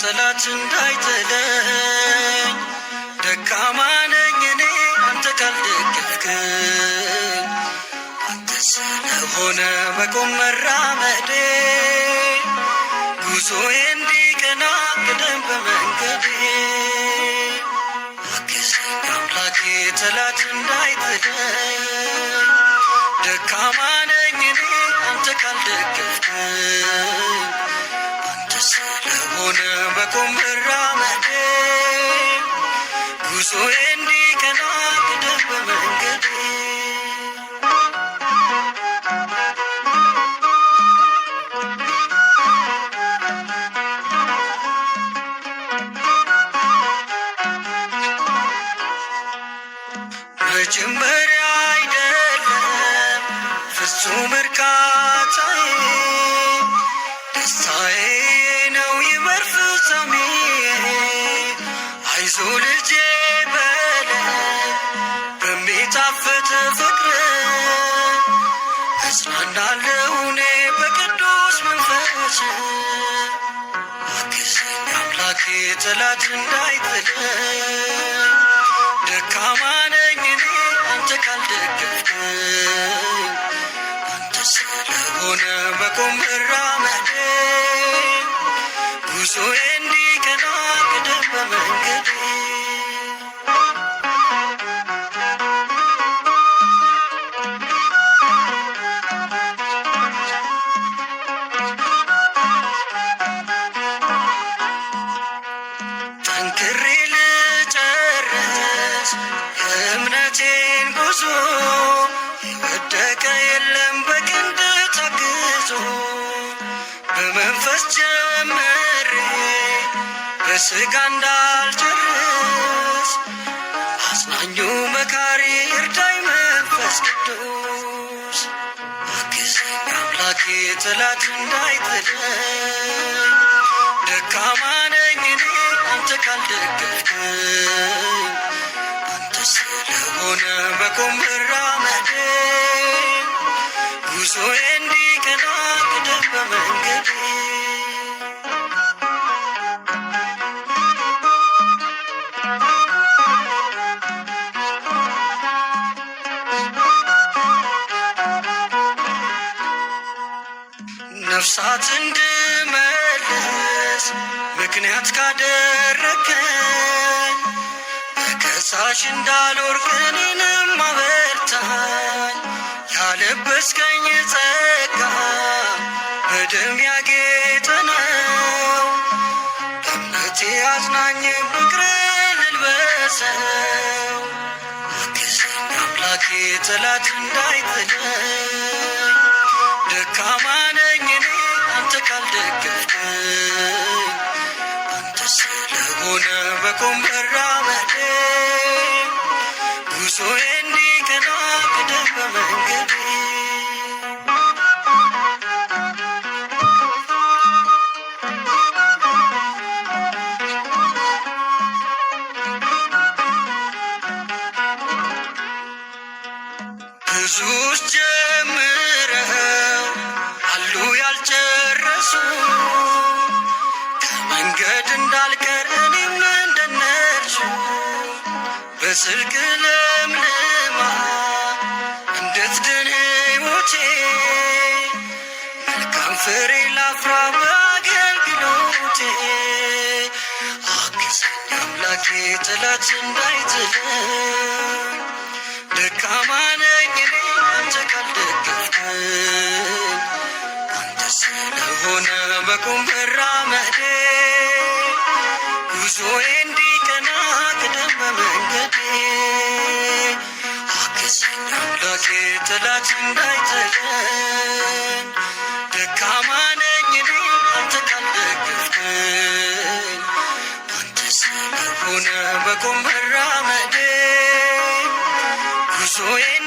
ጠላት እንዳይጥለኝ ደካማ ነኝ እኔ አንተ ካልደገፍከኝ አንተ ስለሆነ መቆም መራመዴ ጉዞዬ እንዲቀና ቅደም በመንገዴ ጠላት እንዳይጥለኝ ደካማ ነኝ እኔ አንተ ካልደገፍከኝ አቁም መራመድ ጉዞዬ እንዲቀና ቅደም በመንገድ መጀመሪያ አይደለም ፍጹም እርካታዬ ደስታዬ ልጄ በለ በሚጣፍጥ ፍቅር እጽናናለሁ እኔ በቅዱስ መንፈስ አግዘኝ አምላክ ጠላት እንዳይጥለኝ ደካማ ነኝ እኔ አንተ አንተ ስለሆነ መቆም መራመዴ ጉዞዬ እንዲ በመንገድ ጠንክሬ ልጨርስ የእምነቴን ጉዞ የወደቀ የለም በግንድ ተግዞ በመንፈስ ጀመሬ በስጋ እንዳልጨርስ አጽናኙ መካሪ እርዳይ መንፈስ ቅዱስ አግዘኝ አምላኬ ጠላት እንዳይጥለኝ ደካማ ነኝ እኔ አንተ ካልደገፍከኝ አንተ ስለሆነ ጉዞዬ ነፍሳት እንድመልስ ምክንያት ካደረከኝ በከሳሽ እንዳልወርቅ እኔንም አበርታኝ። ያለበስከኝ ጸጋ በደም ያጌጠ ነው። ለእምነቴ አጽናኝ ፍቅር ልልበሰው አግዘኝ አምላኬ ጠላት እንዳይጥለኝ ደካማ ነኝ አንተ ካልደገፍከኝ አንተ ስለሆነ በቆም መራመድ ጉዞዬ እንዲቀና ቅደም መንገድ እንዳልቀር እኔም እንደነርሱ በስልክ ለምልማ እንድትድን ሕይወቴ መልካም ፍሬ ላፍራ በአገልግሎቴ አግዘኝ አምላኬ ጠላት እንዳይጥል ደካማ ነኝ እኔ አንተ ካልደገፍከኝ አንተ ስለሆነ በቁም መራመዴ ጉዞ እንዲቀና ቅደም በመንገዴ አግዘኝ አምላኬ ደካማ ነኝ አንተ ካልደገፍከኝ አንተ መራመዴ ጉዞዬ